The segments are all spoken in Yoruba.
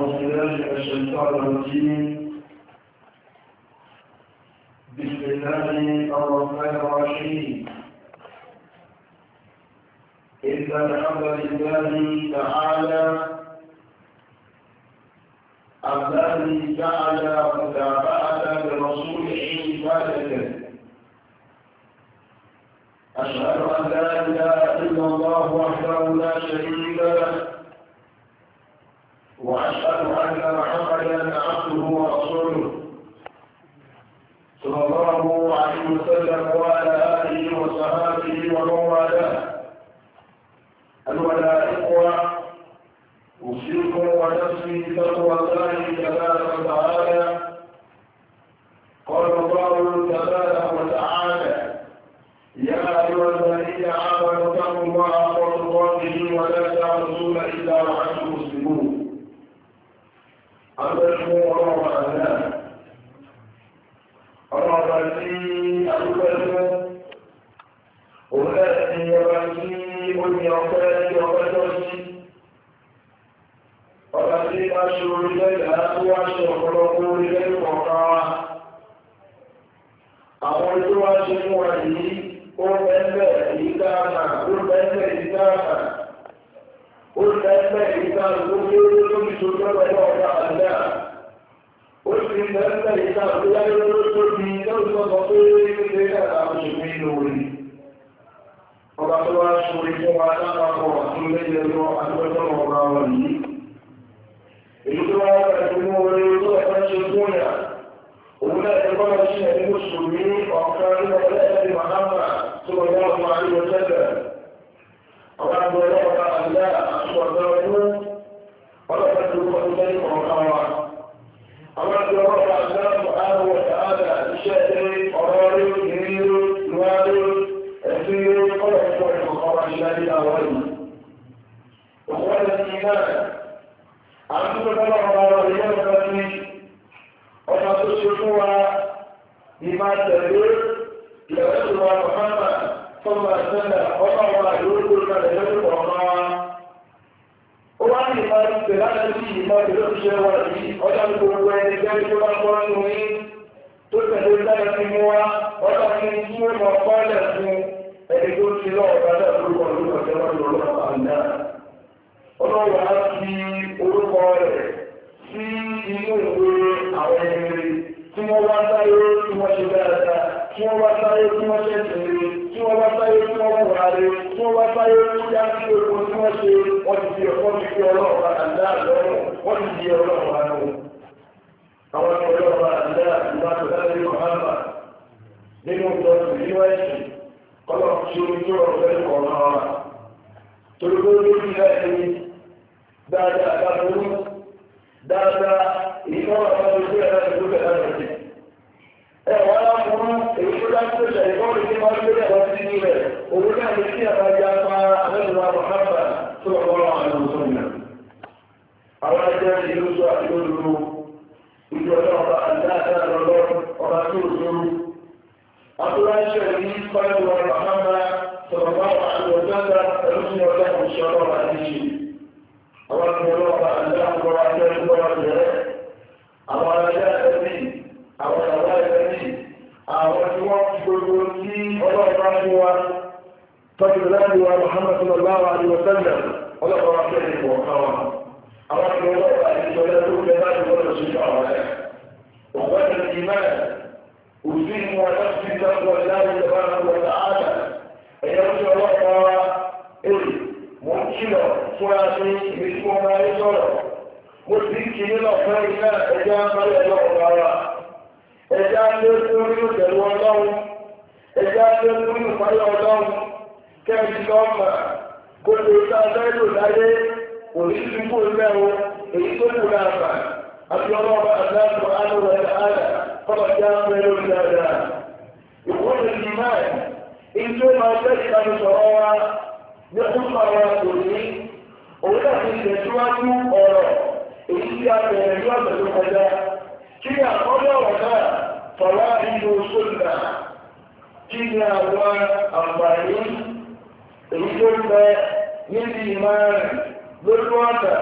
بالله الشيطان الرجيم بسم الله الرحمن الرحيم إن الحمد لله تعالى الذي جعل متابعة لرسوله عبادة أشهد أن لا إله إلا الله وحده لا شريك fún wa lápapọ̀ tún lẹ́yẹ lọ agbẹ́tọ̀ ọ̀rọ̀ wọn yìí. Èyí tó wá wà nínú orí tó ẹ̀fẹ́ ṣe fún yà, òun náà ti kọ́ lọ sí ẹ̀mí mùsùlùmí ọ̀kan ní ọ̀lẹ́ẹ̀dì Mahama tó wọ́n wọ́n náà àwọn tó tọ́lá ọba ọ̀rọ̀ ilé ọ̀dọ́ ní ọba tó ṣe fún wa ní máa tẹ̀lé ìyàwó tó wà mọ̀mọ́mà fọ́nmà sẹ́lẹ̀ ọba wa yóò tó kalẹ̀ lẹ́nu kọ̀ọ̀kan wa. ó wá ní ìmọ̀ ìpè láti fi ìmọ̀ ìlú ìṣẹ́ wa yìí ọjà gbogbo ẹni jẹ́ tó bá ọlọ́wọ́ á fi orúkọ rẹ̀ sí inú ìwé àwọn ẹni tí wọ́n wá sáyé tí wọ́n ṣe dáadáa tí wọ́n wá sáyé tí wọ́n ṣe tèrè tí wọ́n wá sáyé tí wọ́n múra rẹ̀ tí wọ́n wá sáyé tí yá sí epo tí wọ́n ṣe wọ́n ti di ọ̀pọ̀ ti fi ọlọ́ọ̀pá àdá àlọ́rùn wọ́n ti di ọlọ́ọ̀pá nù. àwọn dáadáa káàkiri dáadáa ìfọwọ́ àwọn olùgbé ẹ̀rọ ìlú kẹta rẹ̀ sí. ẹ wà á fún èyí tó dáńtò ṣàyẹ̀wò ìdí máa ń gbé ẹ̀rọ sí ní òun náà ní kí àbájá níbi ìmọ̀ rẹ̀ lórí wọ́ọ̀dà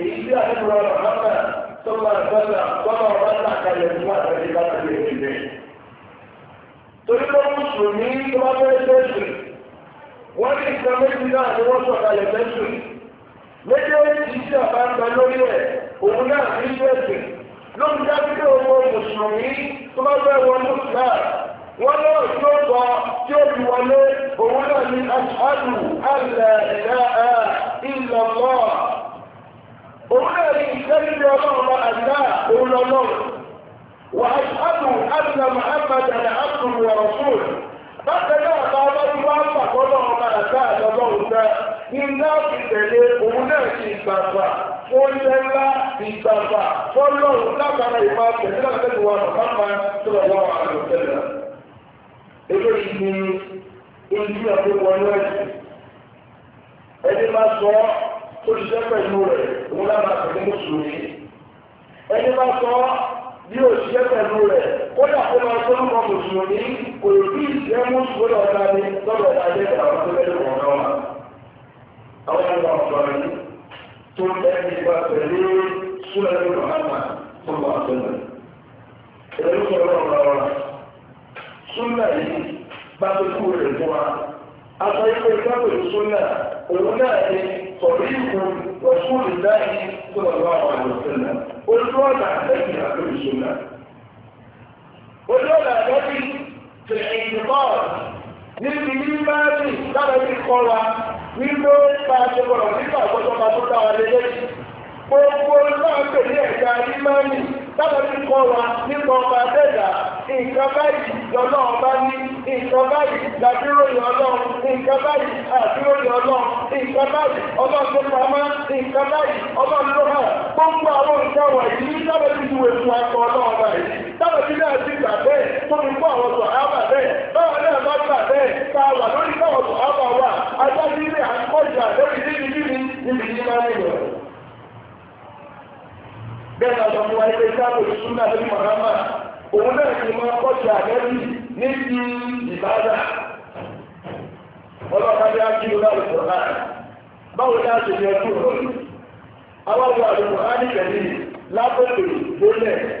èyí tí àdébùrọ̀ ọ̀rọ̀ mọ́tà tó máa gbọ́dọ̀ gbọ́dọ̀ ọ̀rọ̀ àkàlẹ̀ fún àtàlẹ́ bá tẹ̀lé ìdílé. torí pé mùsùlùmí tó bá fẹ́ fẹ́sù wọ́n ní ìkan méjì náà ni wọ́n sọ̀kalẹ̀ fẹ́sù méjèèjì tí àbá ń gba lórí ẹ̀ òun náà ní fẹ́sù ló ń dá pé ọmọ mùsùlùmí tó bá fẹ́ wọnú náà wọ́n náà tí ó sọ tí ó fi wọlé òun náà ní aṣáájú alẹ́ ìlà ìlọ́lọ́ òun náà ní ìṣẹ́lẹ̀ ọlọ́run àdá òun lọ́lọ́run wà aṣáájú alẹ́ muhammad alhamdu wa rasul bákan náà bá bá ń wá pàkọ́lọ́ ọmọ àdá àlọ́lọ́run náà ní láti tẹ̀lé òun náà ti gbàgbà fọ́lẹ́lá ìgbàgbà fọ́lọ́run lábára ìmọ̀ àtẹ̀lé láti tẹ̀lé wọn eléyìí ni ojú ẹ̀kọ́ wọnú ẹ̀sìn ẹni máa sọ olùṣẹ́ pẹ̀lú rẹ̀ òun lábàá pẹ̀lú mùsùlùmí ẹni máa sọ bí òṣìṣẹ́ pẹ̀lú rẹ̀ kódà kó máa tó lùkọ́ mùsùlùmí kò bí ìṣẹ́ mùsùlùmí ọ̀dà ni lọ́dọ̀ ọ̀dà ilé ìgbà wọn tó lẹ́nu wọn náà wà. àwọn ẹgbẹ́ wọn sọ yìí tó ẹni gba pẹ̀lú súnmọ́ ẹni lọ́hàn tó lọ́hàn tó lọ́hàn súnà yìí bá tó kú rẹ̀ fún wa. Aṣọ ìpè sábẹ̀ súnà òun náà ni sọ̀rọ̀ ìkú rọ̀ṣúlù láì tó lọ bá wà lọ sílẹ̀. Ojú ọ̀nà lẹ́yìn àbẹ̀rẹ̀ súnà. Ojú ọ̀nà lẹ́yìn ti ẹ̀yìn níbi nígbà tí lára ti kọ́ wa nígbó bá a ṣe gbọ́dọ̀ nígbà gbọ́dọ̀ bá tó dá wa lé lẹ́yìn. Gbogbo náà pè ní ẹ̀ka ìmánì tábà ti kọ́ wa nípa ọba dẹ́dà nǹkan báyìí lọ́nà ọba ní nǹkan báyìí làdúróyè ọlọ́run nǹkan báyìí àdúróyè ọlọ́run nǹkan báyìí ọlọ́run tó pamọ́ nǹkan báyìí ọlọ́run ló hàn gbogbo àwọn nǹkan wọ̀nyí tábà ti wẹ̀ fún akọ ọlọ́run báyìí tábà ti náà ti gbà bẹ́ẹ̀ tó fi kó àwọn sọ̀ ábà bẹ́ẹ̀ báwa náà bá gbà bẹ́ẹ̀ tá a wà lórí káwọn sọ̀ ábà wà adájú ilé àkọ́jà lórí níbi níbi níbi ní bẹ́ẹ̀ náà lọ mú wa nípa ìsáàbò ìṣúná lórí mọ̀nàmá òun náà ti mọ kọ́ọ̀tù àgẹ́bí ní ti ìbáza ọlọ́kadì ákìlú náà lọ sọ̀rọ̀ náà báwo ni a ṣe yẹ kúrò lórí àwọn àwọn àlùkò á ní kẹ̀lé lábẹ́lẹ̀ lólẹ̀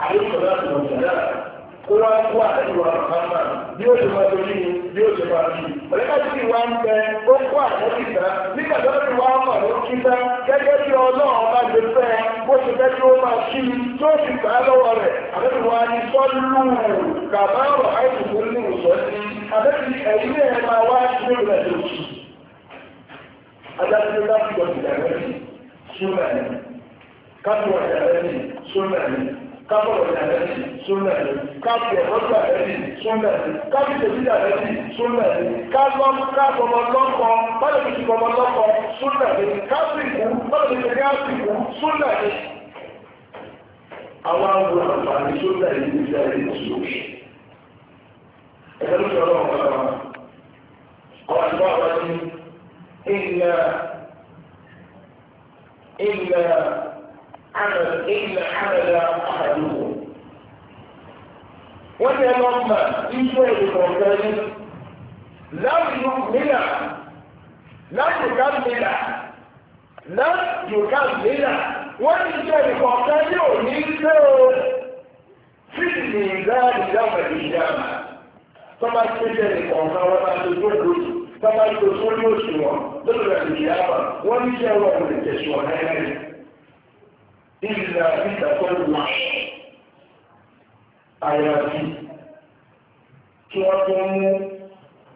عليه الصلاة والسلام kóra wá àtẹ̀wà màmá bí ó ṣe máa torí ni bí ó ṣe máa bí. Mọ̀lẹ́kàtí ti wá ń bẹ ó kó àtẹ̀wà ìta nígbà tó ti wá ọmọ ló kí ta gẹ́gẹ́ bí ọlọ́run bá ṣe fẹ́ bó ṣe fẹ́ kí ó máa kí i tí ó sì gbà á lọ́wọ́ rẹ̀. Àbẹ́bí wa ni sọ́lù kàbá ọ̀rọ̀ àìsùnkú ní ìsọ̀ sí. Àbẹ́bí ẹ̀yìn ẹ̀ máa wá ṣe rẹ̀ lòkì. Adájọ́ láti gbọ́ kábọ̀lọ̀ ìdàgbẹ́sì súnmọ̀ ẹ̀lú káàpì ẹ̀rọ́jú àgbẹ́sì súnmọ̀ ẹ̀lú káàpì tòbílẹ̀ àgbẹ́sì súnmọ̀ ẹ̀lú káàpọ̀mọ̀ lọ́kọ̀ bọ́lẹ̀ fi ṣùgbọ́mọ̀ lọ́kọ̀ súnmọ̀ ẹ̀lú káàpì ìkú bọ́lẹ̀ fi ṣe káàpì ìkú súnmọ̀ ẹ̀lú. àwọn àwọn àǹfààní súnmọ̀ ẹ̀lú ti ṣe ẹ̀lú ti ṣe ẹ̀lú sọ̀rọ̀ ọ̀pọ̀lọpọ̀ عمل إلا عمل أحدهم wọ́n yẹ lọ mọ̀ iṣẹ́ ìkọ̀ọ̀kẹ́ yìí láti mílà láti ká mílà láti ká mílà wọ́n ti jẹ́ ìkọ̀ọ̀kẹ́ yìí ò ní ṣe o tí ìdí ìdáàbò ìdáàbò ìdáàbò tọ́ba ti jẹ́ ìkọ̀ọ̀kẹ́ wọn láti tó lóṣù tọ́ba tó tó lóṣù wọn lóṣù rẹ̀ ìdáàbò wọ́n ní jẹ́ wọn kò lè ọ̀nà ẹ̀rẹ́ ìlà ìtàkọ́lùmọ̀ àyàfi kí wọ́n tó mú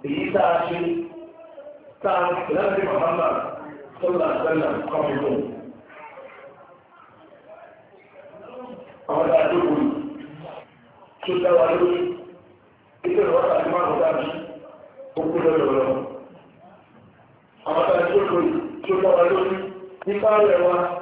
èyí táa ṣe táa láti mọ̀hánà tó làtẹ́lẹ̀ kọmùlò àwọn àdúgbò tó dáwà lórí ìpé ìwọ́n àti márùn dájú òkú lọ́lọ́lọ́ àwọn àdúgbò tó dáwà lórí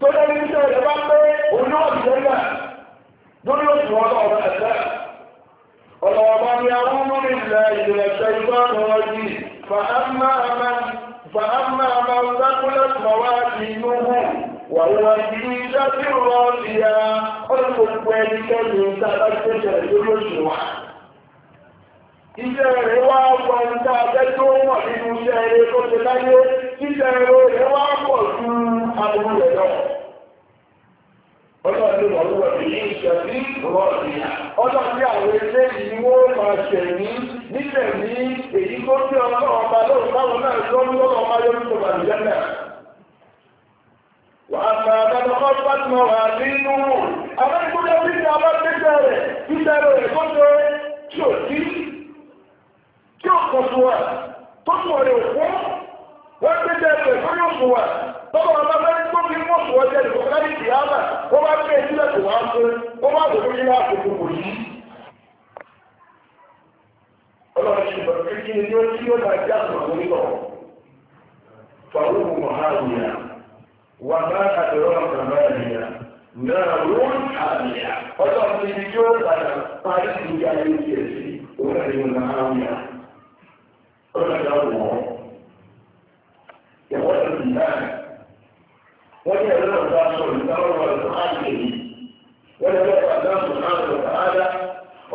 tó lé ní iṣẹ́ ìjọba pé òun náà ti lẹ́yìn lórí oṣù ọlọ́ ọ̀rọ̀ ẹ̀sẹ̀ ọ̀rọ̀ ọba ni àwọn ọmọ mi ilẹ̀ ìlẹ̀ ṣe ìgbà ọ̀rọ̀ yìí fàámà àmà ìdákúlẹ̀ mọ̀wá ti inú hù wà wọ́n ti ní iṣẹ́ tí ó ya ọ̀rọ̀ gbogbo ẹnikẹ́ni ìta iṣẹ́ rẹ̀ wá wọ ohun tá a fẹ́ tó wọ̀ nínú iṣẹ́ rẹ̀ tó ṣe láyé iṣẹ́ rẹ̀ wá pọ̀ ju aburú rẹ̀ lọ. Ọlọ́run ló wọ̀ ní ìṣẹ̀lí rọ̀ọ̀dì. Ọlọ́run ní àwọn ilé yìí wọ́n máa ṣẹ̀mí nílẹ̀ ní èyí tó tí ọlọ́run ọba lóòótọ́ táwọn náà tó ń lọ́rọ̀ máa yọ nínú bàlùjẹ́ náà. Wà á tó ṣe tí ò sí tí ó kọ̀ fún wa tó mọ̀ rẹ̀ fún wọ́n ti jẹ́ ẹ̀fẹ̀ tó yóò fún wa tọ́wọ́ ọlọ́fẹ́ tó fi mọ̀ fún wa jẹ́ ìfọ̀ láti tì á bà ó bá fẹ́ sílẹ̀ tó wá fún ó má dòdò yín láti fún kò yí. ọlọ́run ṣe bọ̀ kí ni ó tí ó máa já sọ̀rọ̀ nílọ̀ fàwọn mọ̀háwìyà wà bá àdúrà mọ̀háwìyà náà ló ń hàmìyà ọlọ́run ti di yóò padà parí ìgbà yìí sí òun àti mọ̀háwìyà ọlọ́dà wọ̀ ọ́ ìwọ́ ló ti dá wọ́n yẹ lọ́wọ́ bá sọ̀rọ̀ ìdáwọ́ ọ̀rọ̀ àgbè yìí wọ́n yẹ lọ́wọ́ bá sọ̀rọ̀ àgbè àdá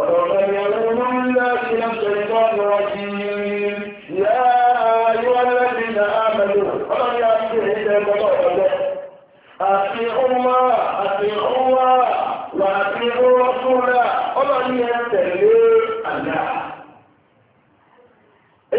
ọ̀rọ̀ ọ̀rọ̀ ìyàwó máa ń lá sí lọ́sọ̀ ìtọ́ ọ̀rọ̀ ọ̀jì yá ayọ́ lẹ́sìn náà àmàlò ọlọ́dà yà sí ìdíje ọ̀rọ̀ ọ̀rọ̀ àti ọmọ àti ọmọ wà àti ọmọ fúnra ọlọ́dà yà tẹ̀lé àdá.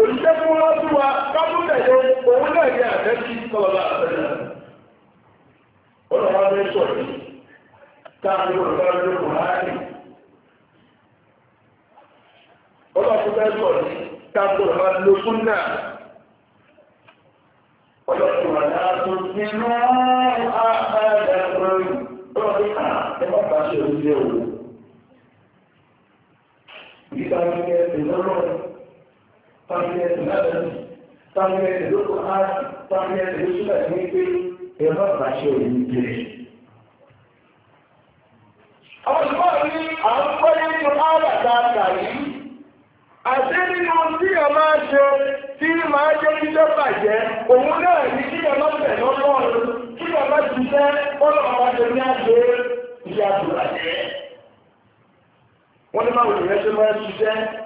òṣìṣẹ́ tí wọ́n tú wa kájú a, òun náà yẹ àtẹ́sí sọ̀rọ̀ àtẹ́lẹ̀. ọlọ́wọ́ abẹ́ sọ̀rọ̀ yìí táàbí olùdarí kò láàyè. ọlọ́wọ́ abẹ́ tó ti ìgbà ìlọ́rọ̀ tàbílẹ̀tì lábẹ́ni tàbílẹ̀tì ló kọ́ á tàbílẹ̀tì ló ṣúlẹ̀ ní pé ẹ̀rọ àbáṣe òun bẹ̀rẹ̀. àwọn ìgbọ́n ní àwọn pẹ́lẹ́ nínú àwàdà àkàrí àti nínú tí ẹ máa ṣe tí máa jẹ́ jíjẹ́ bàjẹ́ òun náà ní kí ẹ má bẹ̀ lọ́lọ́run kí ẹ wọ́n ní máa wò ṣe máa ṣiṣẹ́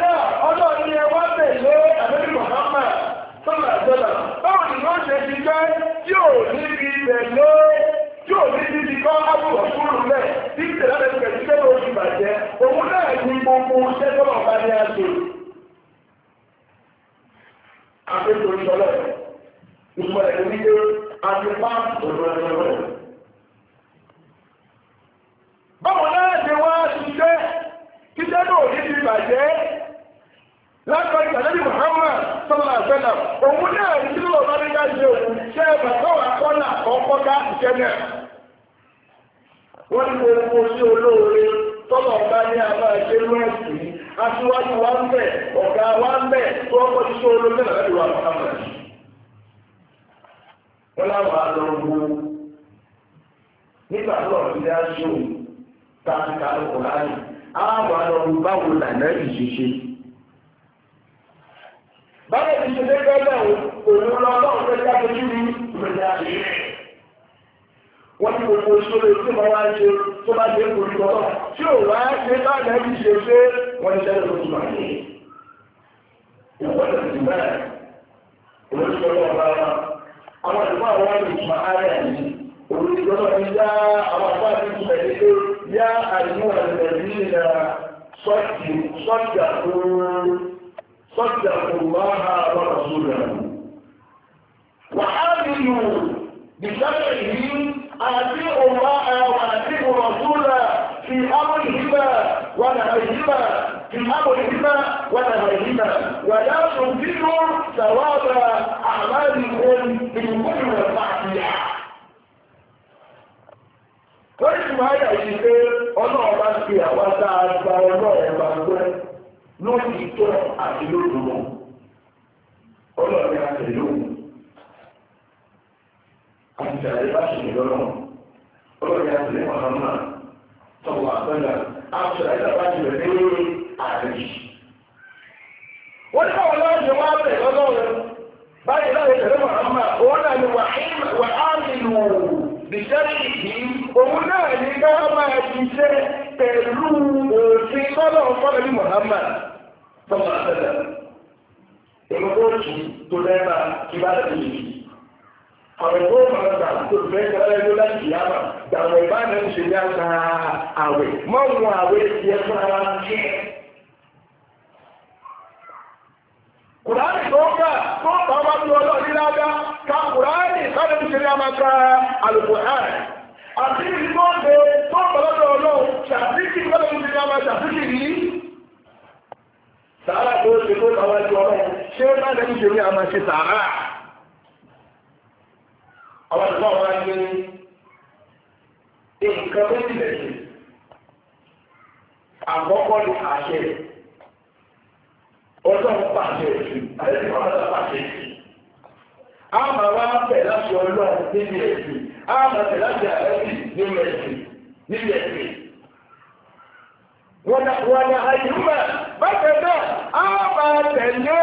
sọ́nà sọ́nà báwo ni wọ́n ṣe ti jẹ́ tí ò níbi ibẹ̀ ló tí ò níbi ti kọ́ ábùrọ̀ fúrù lẹ̀ tí ìtẹ̀lẹ́ rẹ̀ pẹ̀lú sẹ́wọ̀n oṣù bàjẹ́ òun náà ní gbogbo sẹ́wọ̀n ọ̀bá ní àṣẹ ثواب أعمالهم بالبر والمعصية wọ́n ti máa yà yìí pé ọlọ́run bá fi àwọn tá a gba ọlọ́run bá gbẹ́ lórí tó àti lódùmọ̀ ọlọ́run yà tẹ̀lé òun àti tẹ̀lé bá ṣe lọ́nà ọlọ́run yà tẹ̀lé mọ̀nàmọ́nà wọ́n ní báwọn náà ṣe wá bẹ̀ lọ́lọ́run báyìí láti tẹ̀lé mọ̀hánmà òun náà ni wà á nìlù bìtẹ́rì yìí òun náà ní bá máa ṣiṣẹ́ pẹ̀lú òfin lọ́lọ́run fọ́lẹ̀ ní mọ̀hánmà tọ́lá tẹ́lẹ̀ èmi kò tù tó lẹ́ẹ̀ma kí àwẹ̀ mọ́ wọn àwẹ̀ tiẹ̀ fún ara tiẹ̀. kùránì tó gbà tó bá bá bí ọlọ́ọ̀ni lága ka kùránì sáré ní ṣẹlẹ̀ àmàkà alùpùpù àti ìgbọ́nde tó bọ̀lọ́dọ̀ ọlọ́run ṣàtìkì lọ́dọ̀ ní ṣẹlẹ̀ àmàkà ṣàtìkì yìí sàárà tó ṣe tó bá wá ju ọlọ́run ṣé sáré ní ṣẹlẹ̀ àmàkà sàárà àwọn ìgbà wa ní nǹkan méjìlélẹ́yìn àkọ́kọ́ ni àṣẹ ọlọ́run pàṣẹ èsì àyẹ̀kọ́ ọlọ́run pàṣẹ èsì. a máa wá bẹ̀ láti ọlọ́run níbi èsì a máa bẹ̀ láti àyẹ̀sì nínú èsì níbi èsì. wọ́n ní àyùmọ̀ bákan náà a máa tẹ̀lé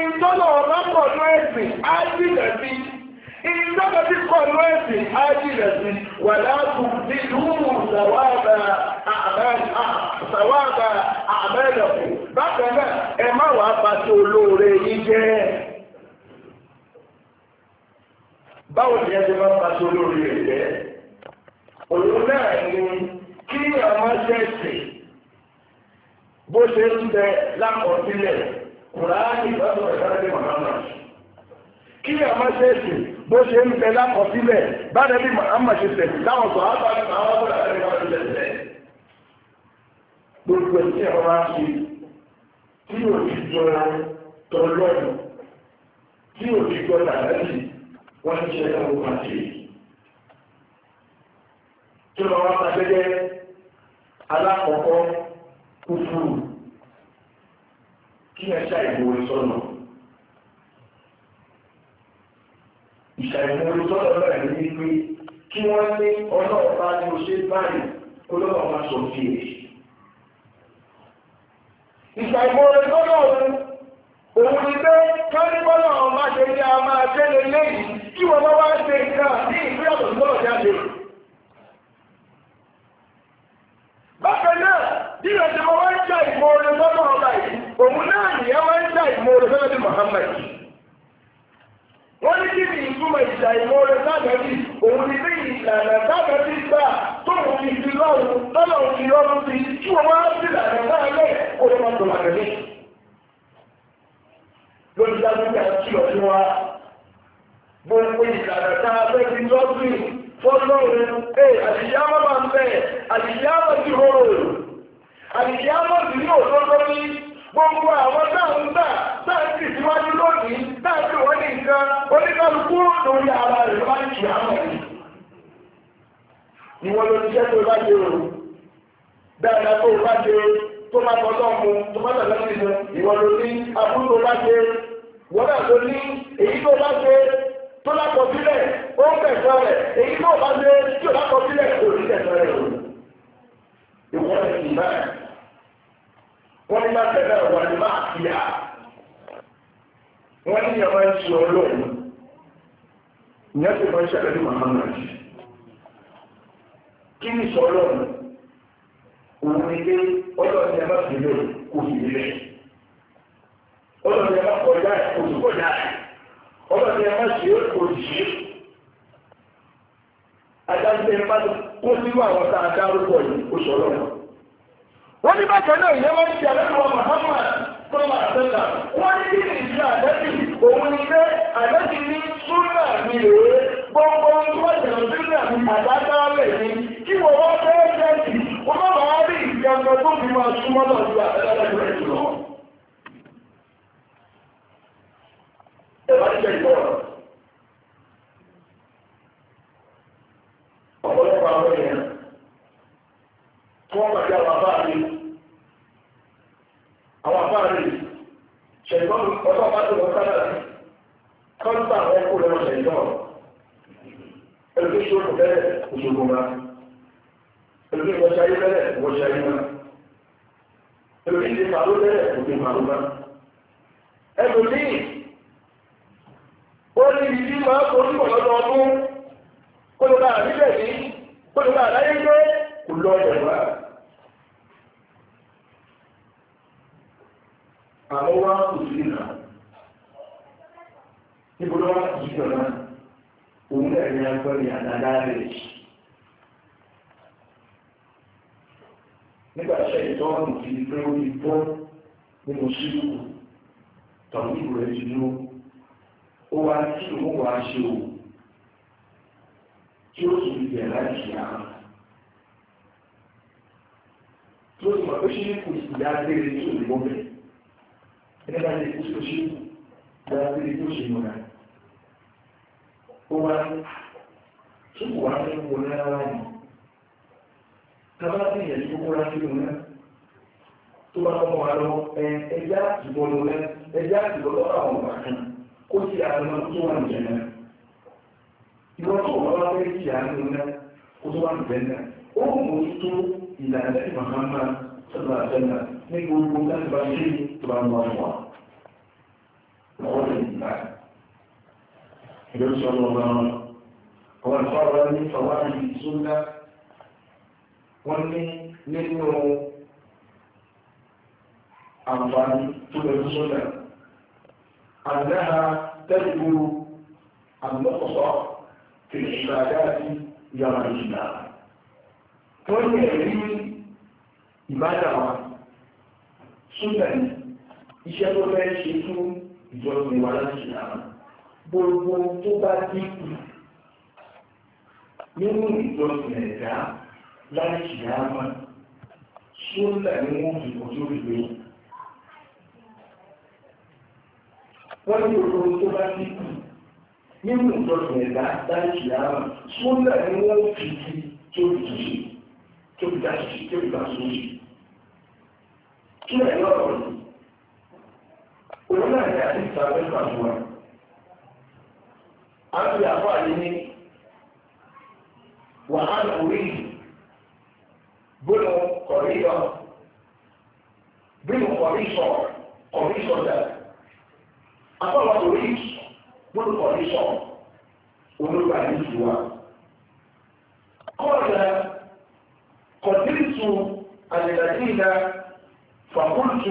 ìtọ́nà ọlọ́pọ̀ ní ẹ̀sìn á jìnà sí ìtọ́nà tí kọ̀ ní ثواب أعمال ثواب أعمالكم bákan náà ẹ má wàá pàṣẹ olóore yín jẹ́ báwo ni ẹ ti máa pàṣẹ olóore yín jẹ́ òun náà ni kí àwọn ṣẹ̀ṣì bó ṣe ń bẹ lákọsílẹ̀ kùránì lọ́sọ̀rọ̀ ìdájọ́ mọ̀nàmọ́ kí àwọn ṣẹ̀ṣì bó ṣe ń bẹ lákọsílẹ̀ bá dẹ́bí mọ̀nàmọ́ ṣe tẹ̀sí táwọn na àbájáde àwọn ọ̀gbọ̀n gbogbo ẹ̀ṣẹ̀ ọba ṣe tí ò ti jọ tọlọ́nù tí ò ti jọ làlẹ́sì wọ́n ṣe ẹ̀rọ pàṣẹ. tí wọ́n wá sàgẹ́gẹ́ alákọ̀ọ́kọ́ kúfúrú kí ẹ ṣàìmọ̀wé sọ́nà. ìṣàìmọ̀wé sọ́nà náà ní wípé kí wọ́n ní ọlọ́ọ̀bá ni ó ṣe báyìí kó lọ́wọ́ máa sọ sí èyí ìṣàìmọ̀rẹ̀ lọ́nà ọ̀run òun ni pé kánípọ́lọ̀ ọmọ ṣe ní a máa tẹ́lẹ̀ lẹ́yìn kí wọ́n bá wá ṣe nǹkan ní ìlú ọ̀dọ̀ lọ́rọ̀ jáde bákan náà bí ẹ̀sìn wọn wá ń ṣe ìmọ̀rẹ̀ lọ́nà ọba yìí òun náà nìyẹn wá ń ṣe ìmọ̀rẹ̀ lọ́nà bí Muhammad wọ́n ní kí ni ìtumọ̀ ìṣàìmọ̀rẹ̀ sábẹ́bí òun ni bí ìlànà sábẹ́bí gbà ti fi lọ́rùn tọ́lọ̀ ti lọ́rùn sí tí wọ́n máa ti lànà láàárẹ̀ ó lè má tọ̀lá rẹ̀ lé. lórí dájúdá tí ọ̀ fún wa gbogbo ìlànà tá a fẹ́ fi lọ́sìn fọ́lọ́run ẹ̀ àṣìyá má máa ń bẹ̀ àṣìyá má ti rọrò àṣìyá má ti ní òṣòṣò ní gbogbo àwọn táǹtà táǹtì síwájú lónìí táǹtì wọ́n ní nǹkan oníkálukú lórí ara rẹ̀ má ti yà á mọ̀ yìí ni wọ́n lórí iṣẹ́ tó bá ṣe o dáadáa tó bá ṣe tó bá tọ́ lọ́mù tó bá tọ́lọ́ sí mu ìwọ ló ní abúlé tó bá ṣe wọ́n náà tó ní èyí tó bá ṣe tó lákọ̀ sílẹ̀ ó ń tẹ̀sán rẹ̀ èyí tó bá ṣe tí ò lákọ̀ sílẹ̀ kò ní tẹ̀sán rẹ̀ o. ìwọ rẹ̀ sì bá wọ́n ní máa tẹ̀lé ọ̀wọ́ ní máa fi hà wọ́n ní ìyàwó ẹ̀ ń sọ ọlọ́run ìyẹn tó máa ń ṣàlẹ́ ní Muhammad kí ni sọ ọlọ́run òun ni pé ọlọ́run ni a bá fi lè kò sì lè ọlọ́run ni a bá kọjá ẹ̀ kò a bá ṣe é kò sì ṣe adájọ́ ẹ̀ bá kó sínú àwọn tá a dárúkọ yìí kó sọ ọlọ́run. wọ́n ní bákan náà ìyẹn wọ́n ti àlẹ́kọ̀ọ́ Muhammad sọ́wọ́ àtẹ́là wọ́n ní kí ni ìṣe àdẹ́sì òun ni pé àdẹ́sì ní súnà mi rèé gbọ́ngbọ́n tó wà jẹ̀rọ̀ súnà mi àdá kí wọ́n wá bẹ́ẹ̀ bẹ́ẹ̀ sí wọ́n bá wá rí ìgbàgbọ́ tó fi máa súnmọ́ náà ju àtẹ́lẹ́lẹ́ àlùjẹ́nà ó mójútó ìlànà sí Muhammad sọ́dọ̀ àjẹ́nà ní gbogbo láti bá ṣe tó bá ń wá fún wa lọ́wọ́ sí ìgbà ìgbésọ̀ lọ́wọ́ ọ̀rọ̀ ìfọ̀rọ̀ ní fọwọ́rì ìtúndà wọ́n ní nínú àǹfààní tó lè fún sọ́dọ̀ àdáhà تجبر النقص في العبادات يرى الإسلام wọ́n lè rí ìbádà wa ṣúgbẹ̀ iṣẹ́ tó fẹ́ ṣe fún ìjọba ìwà láti àwọn gbogbo tó bá dínkù nínú ìjọsìn ẹ̀dá láti ṣìyàmá ṣúgbẹ̀ ni wọ́n fi kò tó rí lóyún wọ́n ní gbogbo tó bá dínkù nínú ìjọsìn ẹ̀dá láti ṣìyàmá ṣúgbẹ̀ ni wọ́n fi kí tó rí lóyún tó fi dá sí tó fi bá sóyè kí ẹ lọ́rọ̀ ni òun náà ní àti ìtàgé pàṣẹwà á fi àfọ àyè ní wàhálà orí gbọ́dọ̀ kọrí lọ gbọ́dọ̀ kọrí sọ kọrí sọ dà àfọwọ́ orí gbọ́dọ̀ kọrí sọ olùgbàlejò wa فقلت الذين فقلت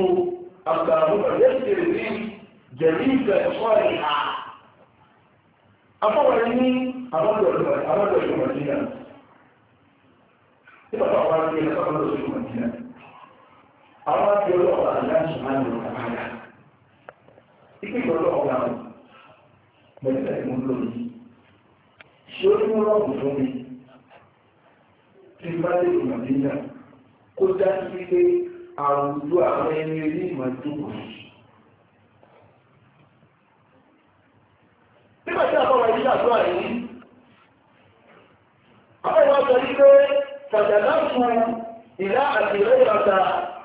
اللهم يسر لي جريدة صالحة أفورني أرد إلى المدينة إذا فأرد إلى المدينة أرد إلى الله سبحانه وتعالى إذا الله مدينة المدينة شو المرض فمي tí bá lè mọ̀ níyà kó dá sí pé àwùjọ àwọn ẹni orí ìmọ̀ tó kù. nígbà tí àbọ̀ wà nígbà tó àyè àwọn ìwà sọ ní pé fàdàdà fún ìlà àti ìrẹ́yìn ọ̀tà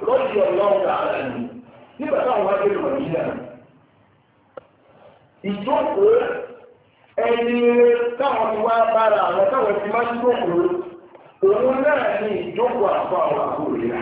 lọ́sí ẹni táwọn ti wá bára àwọn táwọn ti máa ń jókòó òun náà ní ìjókòó àpá ọ̀rọ̀ àbúrò yìí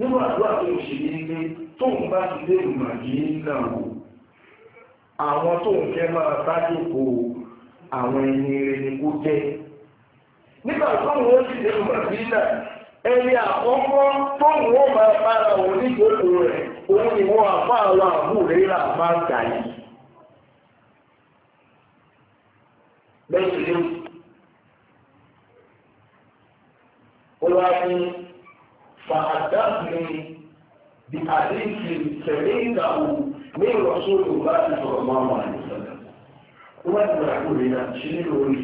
nínú àdúrà tó ṣe ní ilé tó ń bá ti lé ìmọ̀ yìí náà wò àwọn tó ń fẹ́ máa bá jòkó àwọn ẹni rẹ̀ ni kó jẹ́ nígbà táwọn ó sì lé ìmọ̀ yìí náà ẹni àkọ́kọ́ tóun ó máa bára òun níjòkó rẹ̀ òun ni wọ́n afá àwọn àbúrò rà máa gbà yìí. فحدثني بحديث سمعته من رسول الله صلى الله عليه وسلم wọ́n gbà kó lè nà ṣe ní lórí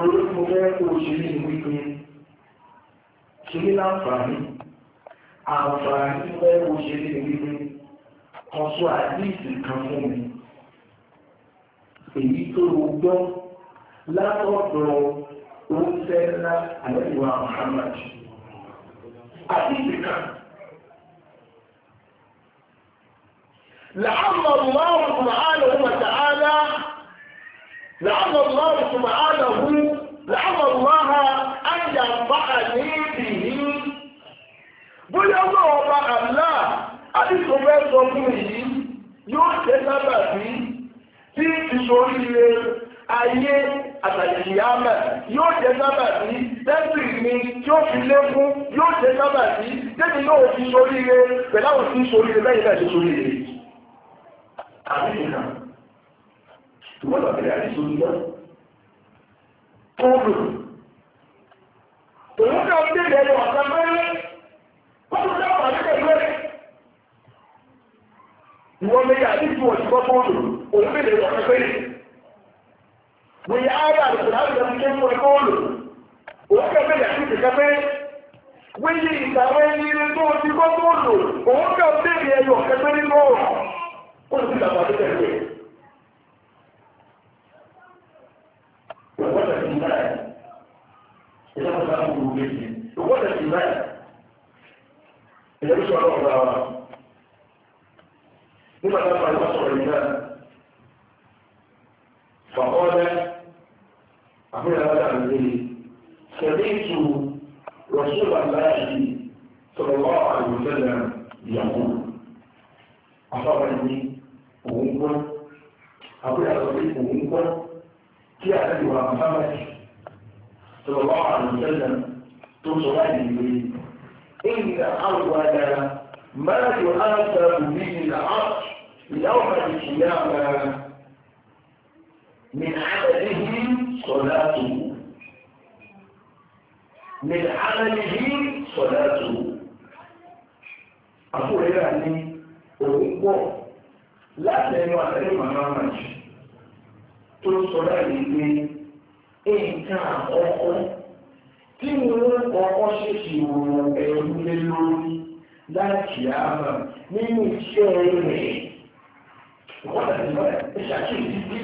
orí mo fẹ́ kó ṣe ní wípé ṣe ní láǹfààní àǹfààní mo fẹ́ kó ṣe ní wípé kan sọ àdíìsì kan fún mi èyí tó gbọ́ látọ̀dọ̀ òun fẹ́ ńlá àlẹ́wà Muhammad àti ìdìkà لعل الله سبحانه وتعالى لعل الله سبحانه لعل الله أن ينفعني به bóyá wọ́n ọba àlá àdìsọ fẹ́ ayé àtàlìyàmẹ̀ yóò jẹ́ sábà sí lẹ́sìn mi yóò fi lékún yóò jẹ́ sábà sí débi yóò fi soríire pẹ̀láwọ̀ sí soríire lẹ́yìn náà ṣe soríire. àbíyàn tòmọ́lọ̀ bẹ̀rẹ̀ àti soríire tóòlù òun kà ń délé ẹ̀rọ ọ̀sán mẹ́rin wọ́n tún dáhùn àti ẹ̀gbẹ́ rẹ̀. ìwọ́n mẹ́rin àti ìfún ọ̀sán tóòlù òun bèèrè ọ̀sán mẹ́rin wòye ayé àdùkùnrin àwọn ìjọba ìjọba ìjọba ìjọba òòlù òun kẹfẹ́ yàtí ti kẹfẹ́ wíyí ìtàwé yìí tó ti kọ́ tó lò òun kẹ́ ọ bẹ́ẹ̀ yẹ yọ kẹfẹ́ nínú ọ̀rọ̀ ó ti dàgbà tó tẹ̀lé ìwọ́n tẹ̀lé ìgbà yẹn ìjọba ìjọba ìwúrú méjì ìwọ́n tẹ̀lé ìgbà yẹn ìjọba ìjọba ọ̀gá wa nígbà tá a máa ń sọ̀rọ̀ ìgbà yẹn. فقال أقول هذا عن سمعت رسول الله صلى الله عليه وسلم يقول أخبرني أمك أقول أصدق أمك في أيها محمد صلى الله عليه وسلم تصلي إن أول ما يؤثر به العبد يوم القيامة من عدد صلاته من عمله صلاته أقول إلى أني أقول لا تنوى أن محمد tó sọ láti pé nǹkan àkọ́kọ́ tí mo ń kọ́kọ́ ṣèṣì wọ ẹ̀rú lé lórí láti àmà nínú iṣẹ́ rẹ̀ kọ́dà nígbà ìṣàkíyèsí bí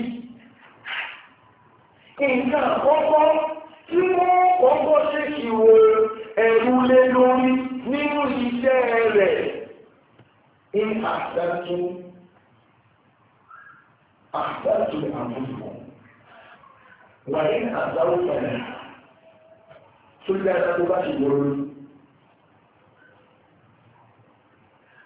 nǹkan àkọ́kọ́ tí wọ́n kọ́kọ́ ṣe ìwò ẹ̀rù lé lórí nínú iṣẹ́ rẹ̀ ní àdájú àdájú àmúlò wà ní àdáwò pẹ̀lú tó dára tó bá ṣe lórí.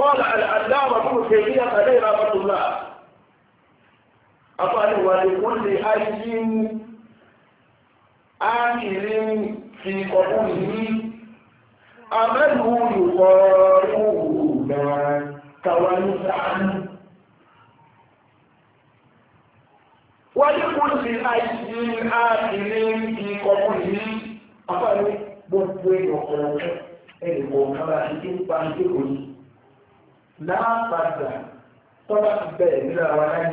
قال العلامة ابن تيمية عليه رحمة الله أقال ولكل أي آخر في قبوله أمله يقارون كوزعا ولكل أي آخر في قبوله أقال gbogbo ẹ̀yọ̀ kọ̀ọ̀kan ẹnì kọ̀ọ̀kan bá ti pa ní kékeré láàpàdà tọ́ba ti bẹ̀rẹ̀ nílò àwọn ayé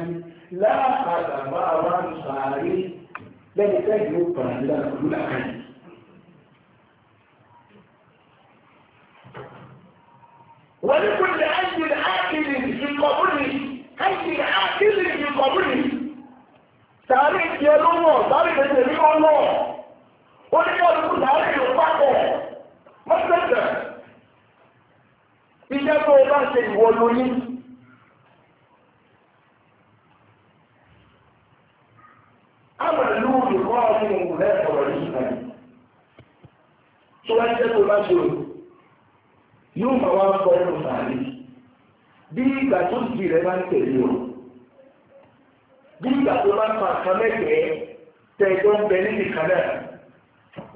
láàpàdà bá wa ń sàárè lẹ́yìn tẹ́yìn ó pàrọ̀ nílò àwọn olùkàyè. ولكل أجل عاقل في قبره أجل عاقل في قبره sàárè ti ẹlọ́wọ̀ sàárè tẹ̀sẹ̀ ní ọlọ́ ó ní ọdún sàárè yóò pàpọ̀ mọ́tẹ́tẹ̀ iṣẹ́ tó bá ṣe ìwọ ló ní àmàlú ìwọ́ ọmọ rẹ̀ ọ̀rọ̀ yìí náà tó wá iṣẹ́ tó bá ṣe o yóò máa wá sọ ẹnu sàárì bí ìgbà tó sì rẹ̀ bá ń tẹ̀lé o bí ìgbà tó bá pa àkàmẹ́kẹ̀ẹ́ tẹ̀gbọ́n bẹ nínú ìkàlẹ́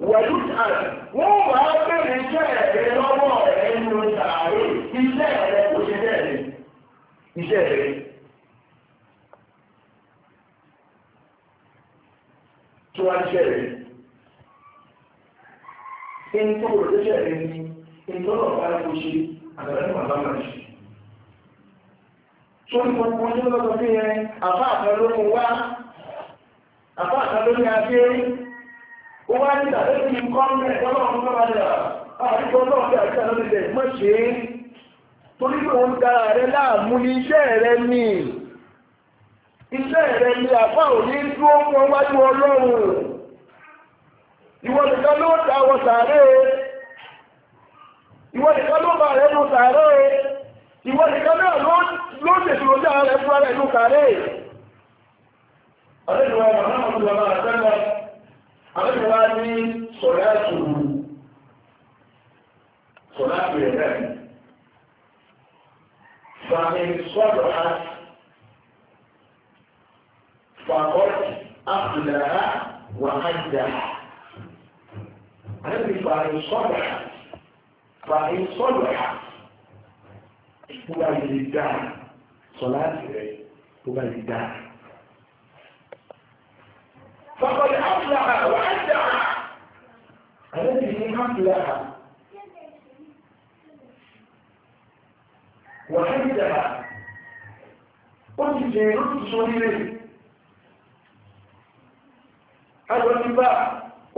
wẹ̀lú àrẹ wọ́n wà á bẹ̀rẹ̀ iṣẹ́ ẹ̀rẹ́ lọ́wọ́ rẹ̀ nínú sàárè iṣẹ́ rẹ̀ kò ṣe bẹ́ẹ̀ iṣẹ́ rẹ̀. tí wọ́n á ṣe rẹ̀ ẹni tó wọ̀ tó ṣe ní tó wá ó wá ní ìdàlẹ́ ní kọ́ńtẹ̀ ọlọ́run tó padà àríkọ́ náà bí àríkà lọ́dún tẹ̀ torí pé òun dára rẹ láàmú ní iṣẹ́ rẹ ní iṣẹ́ rẹ ní àpá òní dúró wọn wájú ọlọ́run ìwọ ló ta wọ sàárè ìwọ nìkan ló bá rẹ lọ sàárè ìwọ nìkan náà ló tètè lójú ara fún ara ẹ̀ lọ sàárè àwọn ìwà ní sọ̀rọ̀ àtùrù sọ̀rọ̀ àtùrù rẹ̀ fàmì sọ̀rọ̀ àti fàkọ́tì àtùlára wà ájá àti fàmì sọ̀rọ̀ àti fàmì sọ̀rọ̀ àti ìpúgbà lè dáa فقد أفلح وأدعى الذي أفلح وأدعى قلت سيرد صغيرين Àwọn ti bá,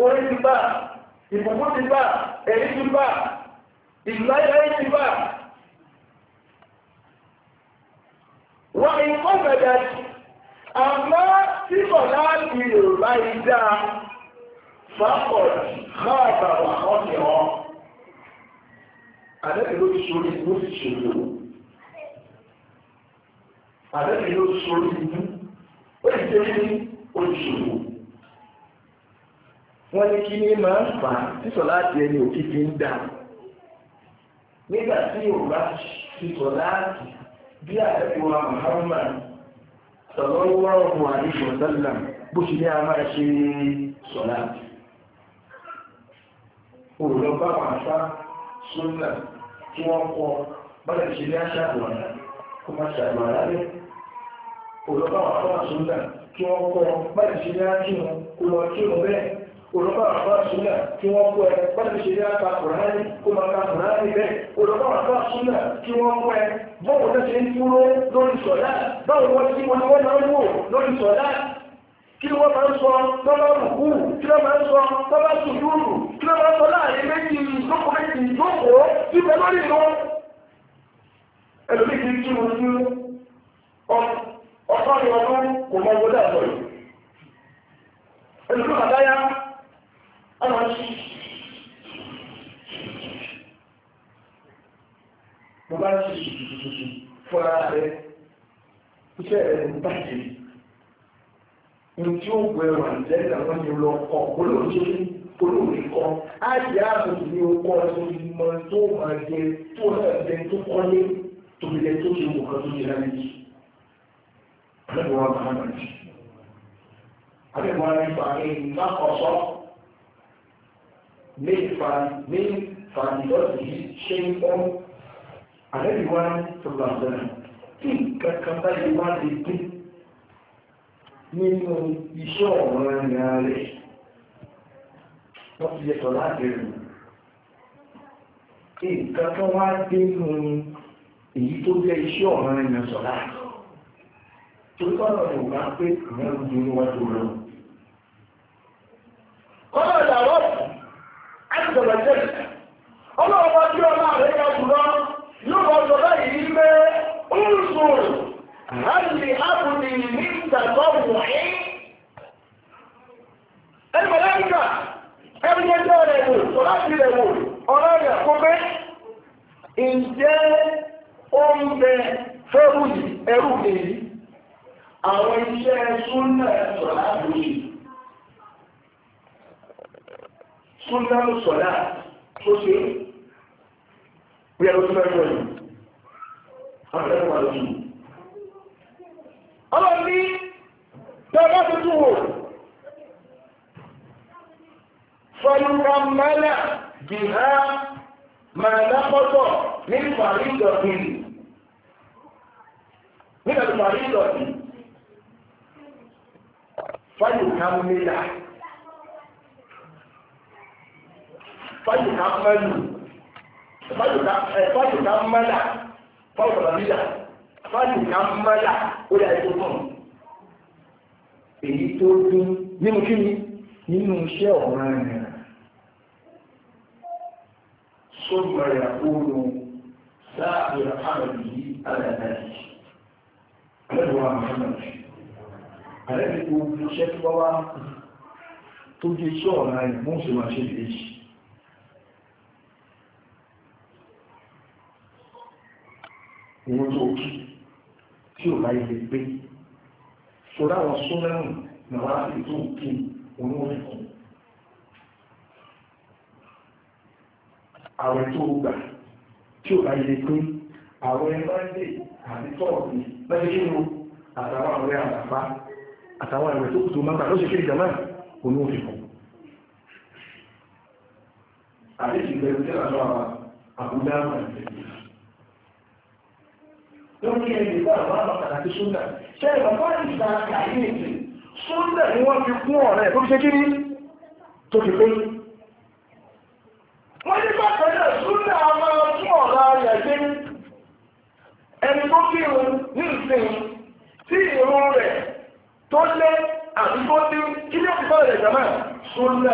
orí ti bá, ìbùkún ti bá, ẹ̀rí ti bá, ìgbáyé ti bá. Wọ́n ni kọ́ àmọ́ tí bọ̀dá ti rò báyìí dáa fàápọ̀ máa bàbà ọ̀nì ọ́ àdẹ́bì ló ti sórí ìlú ti ṣòro àdẹ́bì ló ti sórí ìlú ó ti dé ní oṣòro wọ́n ní kí ní máa ń fà sísọ̀ láti ẹni òkìkí ń dà nígbà tí òun bá sísọ̀ láti bí àdẹ́bì wa Muhammad sallallahu alaihi wa sallam bó ṣe ní a máa ṣe sọ̀lá òòlọ́ bá pàṣá sọ́nà tí wọ́n kọ bọ́lá ṣe ní aṣáàlùwàlá kó má ṣàlùwàlá rẹ̀ òòlọ́ bá pàṣá sọ́nà tí wọ́n kọ bọ́lá ṣe ní aṣíwọn kó lọ kí wọn bẹ́ẹ̀ olùkọ́ àgbà súnà kí wọ́n kọ́ ẹ bọ́lá ṣe ní aṣáàlùwàlá bọ́wọ́ tó ṣe ń dúró lórí sọ̀dá báwo wọ́n tí wọ́n wọ́n máa ń wò lórí sọ̀dá kí wọ́n máa ń sọ tọ́lá rùkú kí wọ́n máa ń sọ tọ́lá sùdúrù kí wọ́n máa ń sọ láàrin méjì ìjókòó méjì ìjókòó tí wọ́n lórí wọn. ẹlòmíì ti ń kírun sí ọ̀sán ìwọ̀n kò mọ wọlé àtọ̀ yìí ẹlòmíì bàbá yá ọmọ tó bá ṣe ṣùtùtùtù fúnra rẹ̀ iṣẹ́ rẹ̀ ń bàjẹ́ ní tí ó gbọ́ ẹwà ìjẹ́ ìdáwọ́ ni lọ kọ́ olóòjé olóòjé kọ́ á yẹ àtúntò ní okọ́ ọdún mọ tó máa jẹ tó náà jẹ tó kọ́lé tó fi jẹ tó ṣe wò kan tó ṣe láyé jù àlẹ́bọ̀ wa máa nà jù àlẹ́bọ̀ wa ní fàáyé nǹkan ọ̀sọ́ ní fàáyé ní fàáyé lọ́sì yìí ń pọ́n àlẹ́bí wá ní tọ́lá àbẹ́rẹ́ kí kankan báyìí wá lè dé nínú iṣẹ́ ọ̀rọ̀ ẹ̀yà rẹ̀ wọ́n ti yẹ tọ́lá àbẹ́rẹ́ kí kankan wá dé nínú èyí tó jẹ́ iṣẹ́ ọ̀rọ̀ ẹ̀yà sọ̀lá torí kọ́nà ìwà pé ìyẹn tí iṣẹ́ ọ̀nà ẹ̀ mú sí máa ṣe méjì ìwọ́n tó kí tí ò láyé lè gbé sọ́dá wọn sún ní wọ́n á tó kí olóòrìn kan àwẹ̀ tó gbà tí ò láyé lè gbé àwẹ̀ mẹ́rìndé àti tọ́ọ̀tì lọ́jọ́ kí ni àtàwọn àwẹ̀ àtàfà àtàwọn àwẹ̀ tó kù máa gbà lọ́sẹ̀ kí ni jàmáà olóòrìn kan àdéjì a lọ́wọ́ àbúdá àwọn ìgbẹ̀rù. lórí ẹni bá àwọn àbàkàtà ti súnà ṣe é bàbá ìgbà kàyéèsì súnà ni wọ́n fi kún ọ̀rẹ́ tó fi ṣe kíní tó fi pé. wọ́n ní bàtà náà súnà máa fún ọ̀rọ̀ ayà gbé ẹni tó fi irun ní ìsìn tí irun rẹ̀ tó lé àdúgbò tí kí ní ọ̀sán rẹ̀ jàmáà súnà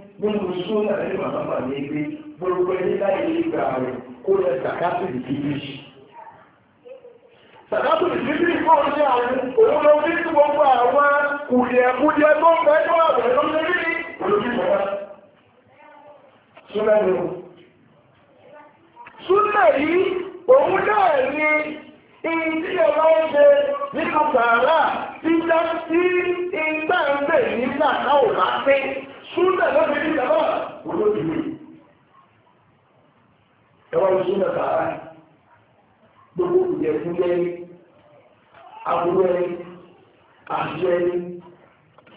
nínú sóyà ní màmá ní pé gbogbo ẹni láì ní ìgbà rẹ̀ kó lẹ sàkátìlì kíkìrì. sàkátìlì kíkìrì kó o ní àwọn òun ló ní gbogbo àwọn kùdìẹ̀kùdìẹ tó ń bẹ́ẹ̀ tó àwọn ẹ̀rọ ní rí olùdíjọba. súnà ni o. súnà yìí òun náà ní ìdí ọlọ́wọ́ ṣe nínú sàárà títà sí ìgbà ń bẹ̀ nígbà náà ò bá pé. súnà lọ́bí ní ìjàmbá olóògbé ẹwà súnà tààrà gbogbo ìjẹ̀kúnjẹ́ aburú ẹni àṣìṣe ẹni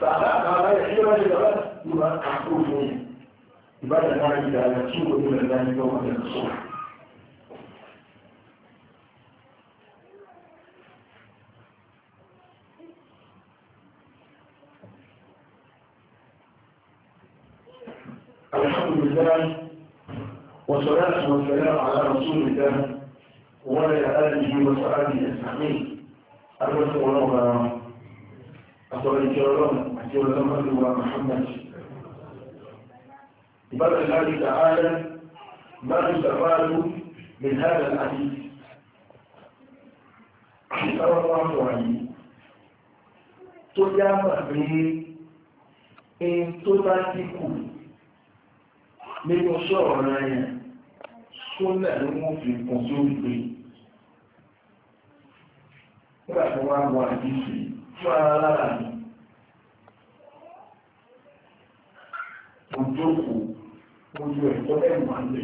tààrà ìjọba ìwà àkókò náà tí ní ìjọba ìjọba الله وصلاة والسلام على رسول الله وعلى آله وصحبه أجمعين أرسل الله أصلي الجرم أتي ولم محمد بل الله تعالى ما يستفاد من هذا الحديث صلى الله عليه tó yá mọ̀ pé in tó bá dínkù nínú sọ̀rọ̀ rẹ̀ yẹn súnlẹ̀ ló mú fi kùn sórí pé nígbà tó wá wà ìdíṣe fún ara lára mi òjókòó ojú ẹ̀kọ́ lẹ́wà lè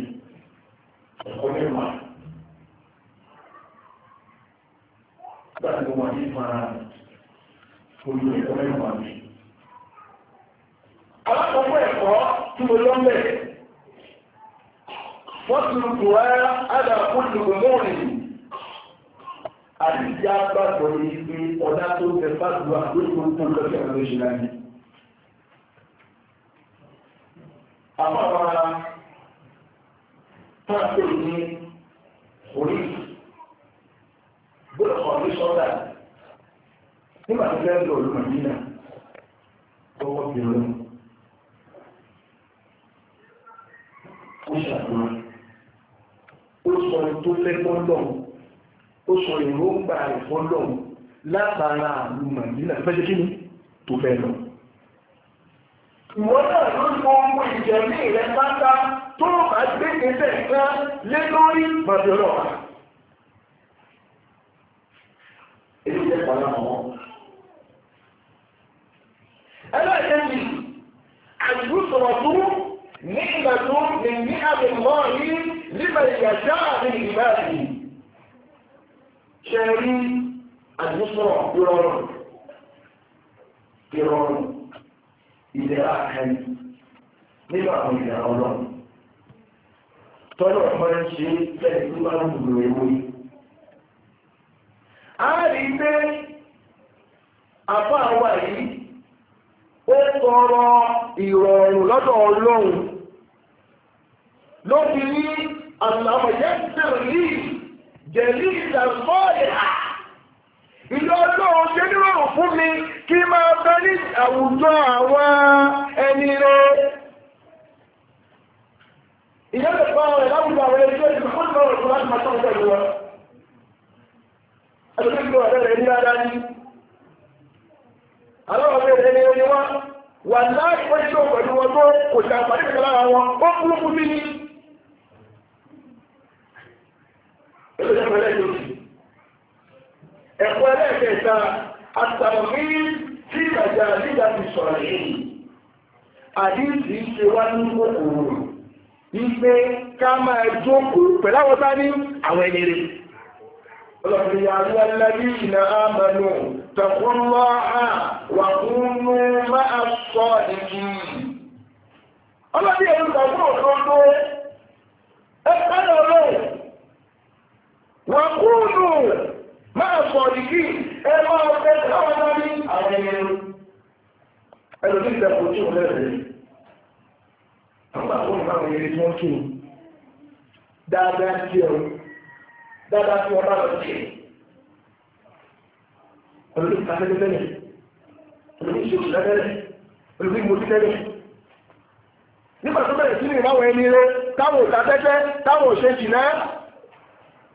ẹ̀kọ́ lẹ́wà nígbà tó wà ní ìfara ojú ẹ̀kọ́ lẹ́wà lè fọ́tùlùkùwá alákùnlù mọ́rin àdíjá gbàgbọ́ ní ibi ọ̀dá tó fẹ́ fàdúrà lórí gbogbo lọ́sẹ̀ lóṣù láyé àpapàá pàṣẹ ní orí gbọ́dọ̀ kan ní sọ́dà nígbà tó fẹ́ lọ lọ́nà nínà tọwọ́ bí lọ́nà ó ṣàkóso sọ ètò lẹ́gbọ́n lọ́hùn ó sọ èròǹgbà ẹ̀fọ́ lọ́hùn látara àlù màdínà tó fẹ́ ṣe kí ni tó fẹ́ lọ. ìwọ́n náà ló ń mọ ohun ìjẹ̀mí rẹ pátá tó bá gbé ìgbésẹ̀ kan lé lórí bàbíọ́lọ́ èyí jẹ́ pàlà mọ́. ẹlẹ́ẹ̀kejì àìsùn sọ̀rọ̀ tó ní ìgbà tó lè ní àbẹ̀mọ́ yìí nígbà ìyàjá àrin ìgbàdì ṣe rí àdúsọ̀rọ̀ ìrọ̀rùn ìrọ̀rùn ìlera kan nígbà àwọn ìlera ọlọ́run tọ́lọ̀ ọ̀pọ̀lọ́ ṣe lẹ́yìn tó bá ń gbòòrò ewé a rí pé àbá àwa yìí ó tọrọ ìrọ̀rùn lọ́dọ̀ ọlọ́run ló fi ní اللهم يسر لي جليل الصالحة ìlú ọlọ́run ṣe nírọ̀rùn fún mi kí máa bá ní àwùjọ àwọn ẹni rẹ̀ ìyẹ́lẹ̀ bá rẹ̀ láwùjọ àwọn ẹgbẹ́ ìgbẹ́ fún ìgbẹ́ ọ̀rọ̀ láti máa tọ́jú ẹ̀lú wọn ẹgbẹ́ ìgbẹ́ ọ̀rẹ́ rẹ̀ ní dáadáa ní aláwọ̀ rẹ̀ ní ẹni wọn wà láì pẹ́ ẹ̀kọ́ ẹlẹ́ẹ̀kẹta àtàwọn tí ìgbàjà nígbà ti sọ̀rọ̀ yìí àdíjì ṣe wá ní kòkòrò wípé ká máa jókòó pẹ̀láwọ́ bá ní àwọn ẹni rẹ̀ àwọn ẹlẹ́bí ìnà wà kúrò máa sọ ìdí ẹ máa fẹ́ káwọn náà ní àwọn ẹni ẹni tí ìdẹ́kùn tí ò lẹ́sẹ̀ àwọn àwọn ìbáwọn ẹni tí wọ́n kí ni dáadáa tí ọ dáadáa tí wọ́n bá lọ sí olùdí ìtàkẹ́lẹ́lẹ́ olùdí ìṣòṣìlẹ́lẹ́ olùdí ìmòsílẹ́lẹ́ nígbà tó bẹ̀rẹ̀ sí ní ẹni rẹ táwọn òtàtẹ́tẹ́ táwọn òṣèṣì náà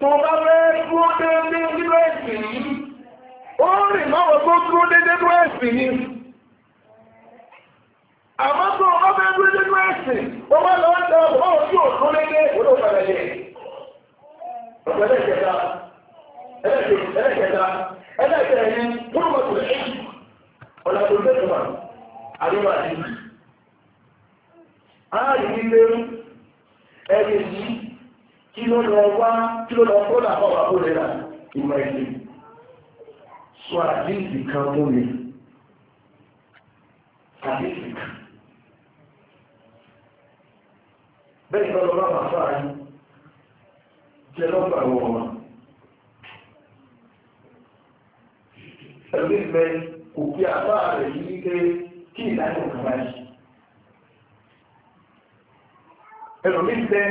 tó bá fẹ́ dúró déédé nínú ẹ̀sìn yìí ó rìn máwọn tó dúró déédé nínú ẹ̀sìn yìí àmọ́ tó bá fẹ́ nínú ẹ̀sìn ó ọ̀pọ̀ ojú a ilé ẹni yìí kí ló lọ wá kí ló lọ kó làbọ̀ wà ó lẹ́la ìmọ̀ ẹ̀sìn sọ àdíìsì kan mú mi àdíìsì kan bẹ́ẹ̀ ni ọlọ́run àwọn afárá yìí jẹ́ lọ́gbà àwọn ọmọ ẹ̀rí ìfẹ́ kò fi afárá rẹ̀ yìí ké kí ìdájọ́ kan ẹ̀rọ mi fẹ́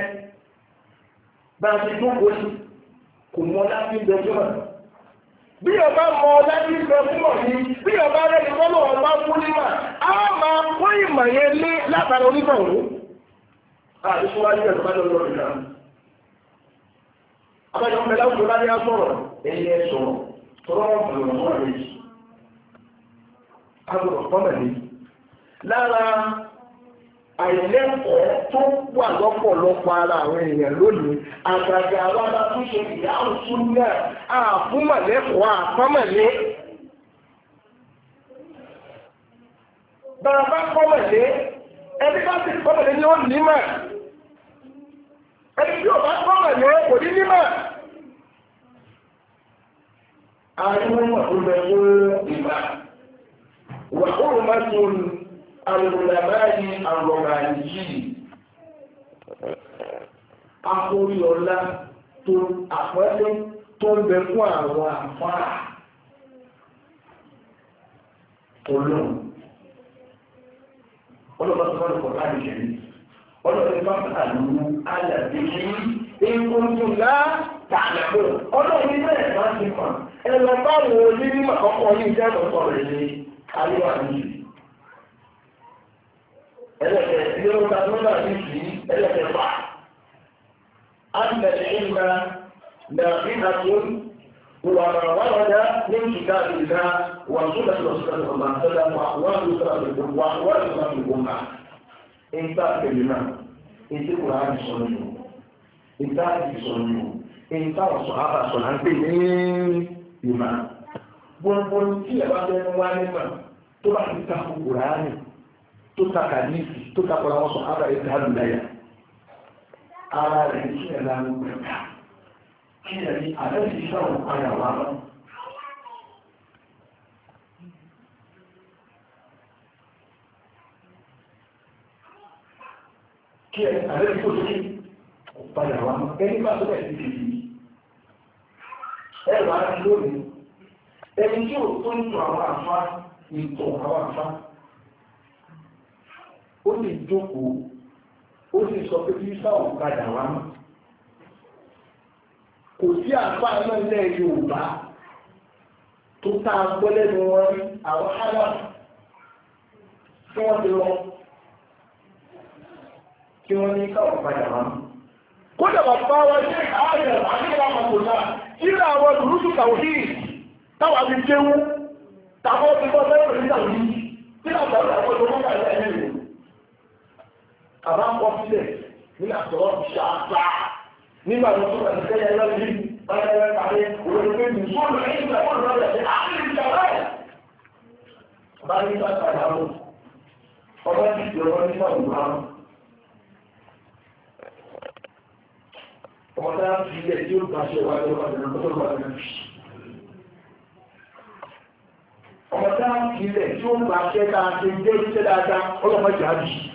bá a ti dúkò sí kò mọ láti bẹ fún ọ. bí ọba mọ láti bẹ fún ọ ní bí ọba rẹ ní kọ́nà ọba fún ní mà á máa kó ìmọ̀ yẹn lé látara onígbà òun. àdúgbò wájú ẹ̀ lọ́ba lọ́wọ́ ìlà. abájọ ń bẹ láwùjọ láti á sọ̀rọ̀ ẹ̀yẹ sọ̀rọ̀ tọ́rọ̀ ọ̀rọ̀ ọ̀rọ̀ àìlẹ́kọ̀ọ́ tó wà lọ́pọ̀lọpọ̀ ara àwọn èèyàn lónìí àgbàgbà alára tó ṣe ìyá òtún náà àfúnmọ̀lẹ́kọ̀ọ́ àpámọ̀lé. bàbá bá kọ́mọ̀lé ẹbí bá ti kọ́mọ̀lé ni ó nímọ̀ ẹbí tí ò bá kọ́mọ̀lé kò ní nímọ̀. àárín wọn wà tó lọ fún ìgbà wà ó rò má tó lù alùlàmáàrí àrọ̀màrí yìí akórí ọlá tó àpọ́lé tó ń bẹ fún àwọn àfáà olóhùn ọlọ́pàá tó bá lọ́pọ̀ láàrin jẹ̀rí ọlọ́pàá tó bá lọ́pọ̀ alàbí yìí ìkùnkùn náà tààlàbò ọlọ́pàá ní bẹ́ẹ̀ máa ti mọ̀ ẹ̀lọ́pàá wo ní mímọ̀ kọ́kọ́ yìí jẹ́ lọ́pọ̀ rẹ̀ ní àríwá yìí ẹlẹ́kẹ̀ẹ́ tí ó ta nọ́mbà méjì ẹlẹ́kẹ̀ẹ́ fà. Àgbẹ̀lẹ̀ ìgbà nàbí àtún wàrà wàlọ́dá ní kíkà ìgbà wà súnà lọ́sùnà lọ́mà sọ́dà wà wà lọ́sùnà lọ́sùnà wà wà lọ́sùnà lọ́sùnà. Ìta pẹ̀lú náà, ètí kùrà á sọ nù. Ìta ti sọ nù. Ìta ọ̀sọ̀ àbà sọ̀ náà ń pè ní ìmà. Gbogbo tí ẹ bá fẹ́ wá nípa tó bá ti ta kùrà á nìyí tó takà ní tó takọ̀ àwọn sọ ara ètò àdúláyà ara rẹ̀ kí ẹ̀ lára gbẹ̀gbẹ̀ kí ẹ̀ ní àlẹ́sì sáwọn padà wà lọ kí ẹ̀ àlẹ́sì tó sí padà wà lọ ẹni bá tó bẹ̀ sí ẹ̀rọ ara lónìí ẹni tí ò tó ń tọ àwọn àfa ìtọ̀ àwọn àfa ó sì jókòó ó sì sọ pé kí sáwọn padà wá mọ́ kò sí àpá náà Yorùbá tó tá a gbọ́ lẹ́nu wọn rí àwọn hálà tí wọ́n ti lọ kí wọ́n ní káwọn padà wá mọ́ kódà bàbá wa ṣe àárẹ̀ àdéhùn àmàkùnà nínú àwọn dùrúsù tàwí táwọn àti jẹun tàwọn ti bọ́ sẹ́yìn ìdàgbé nínú àwọn àwọn ọmọ náà ẹ̀yìn kàbá kọ́ sílẹ̀ ní àtọ̀rọ̀ ṣáàtà nígbà tó tó kàn sẹ́yìn ẹ̀rọ yìí báyọ̀ ẹ̀rọ kàrí òwe pé mi sọ lọ ẹ̀yìn ìgbà wọn lọ́dọ̀ sí àárín ah, ìjà báyìí. bá ní bá ta ìyàwó ọba ti di ọba nípa òwúrọ̀ àwọn. ọmọ táyà fi ilé tí ó gbà ṣe wà lọ́wọ́ àdìrán tó lọ́wọ́ àdìrán fi. ọmọ táyà fi ilé tí ó gbà ṣe ká ṣe dé iṣẹ́ dáadáa ọlọ́mọ ìjà bì í.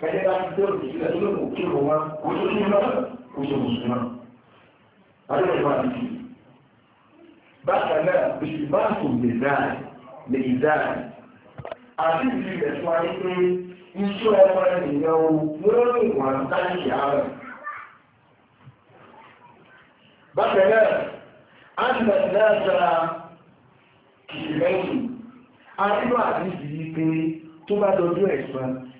kẹ́lẹ́ bá ti dẹ́rù sí ẹni ló kò kí òun wá kò tó ní lọ́wọ́ kò ṣe mùsùlùmọ́. Adé ìwà ti fi. Bákan náà, bíi báńkì lè dáì lè dáì. Àti ìdí rẹ̀ fún ayé pé iṣẹ́ ọmọ ènìyàn o lórí ìwà táyì ààrẹ. Bákan náà, a ń náà sara kìí lẹ́yìn. Adé ìwà ti pé tó bá dojú ẹ̀sán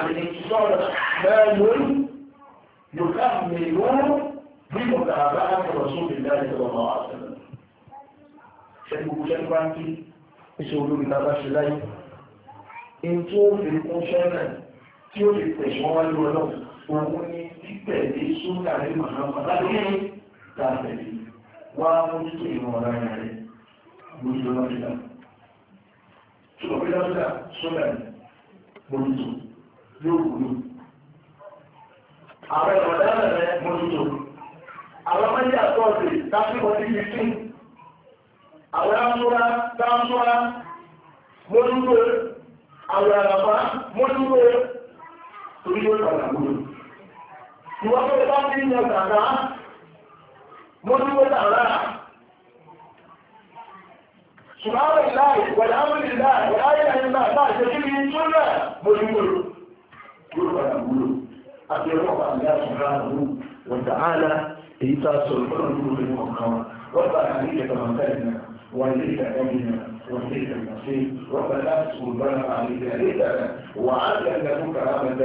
الانتصار مال يكمل بمتابعة رسول الله صلى الله عليه وسلم ṣẹ́gbogbo ṣẹ́gbáńkì iṣẹ́ olórin lábá ṣe láyé in tí ó fi kún ṣẹ́nà tí ó fi pẹ̀ṣọ́ wá ní ọlọ́ òun ni títẹ̀lé súnà ní màmá lábẹ́ tàbẹ̀lé wá mójútó ìwọ̀n ọ̀rá rẹ̀ mójútó lọ́dún yóò wù mí. Àwọn ìwọ̀dá rẹ̀ mo ti tò. Àwọn mẹ́jì àtọ́ọ̀sì tásìkò ti fi sí. Àwọn amúra dáńsúra mo dúró. Àwọn àràmá mo dúró. Torí yóò padà wúlò. Ìwọ́n tó bá ti ń lọ kàkà, mo dúró tààrà. Ṣùgbọ́n àwọn ìlà ìwọ̀dá mú ìlà ìwọ̀dá ìlà ìlà bá ṣe kí ni túnlẹ̀ mo dúró. yóò padà wúlò àti ọlọ́pàá ní àṣírà àdúgbò wọ̀tàhálà èyí tá a sọ̀rọ̀ fọ́nà ní orí ọ̀kan rọ́bà àti ìjọba mọ́tàlínà وليس أمنا وليس المصير وبلغ سلطان عليك رسالة وعاد لك كرامة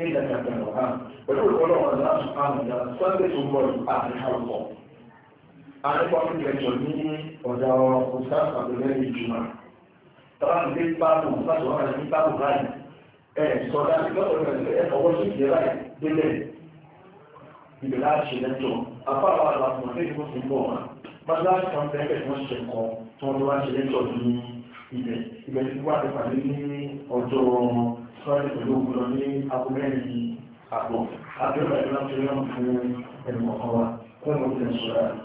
إنك تنوها ويقول قولوا الله سبحانه وتعالى ثبت الله أهل حرصه àríkọ́ nílẹ̀ jọ ní ọ̀dà ọ̀sán àbẹ̀lẹ̀ ìjùmọ̀. tọ́lá ní bí báàbù láti wọ́n rẹ̀ ní báàbù báyìí sọ̀dá ọwọ́ sí ìjẹ́lá délẹ̀ ìbẹ̀ láti lẹ́jọ́ afáwà àlàfún ní ìlú ti bọ̀ wọn bá láti kan bẹ́ẹ̀ wọ́n ṣe kọ́ tí wọ́n tó wá ṣe lẹ́jọ́ ní ibẹ̀ ibẹ̀ tí wà ní pàdé ní ọjọ́ sọ́ọ̀dẹ̀ pẹ̀lú òkúlọ ní agbóhẹ́rin àpò àbẹ́rẹ́ ìlú láti rẹ́rùn fún ẹnìmọ̀kan wa kó ẹ̀mọ́ ti ẹ̀ sọ̀rọ̀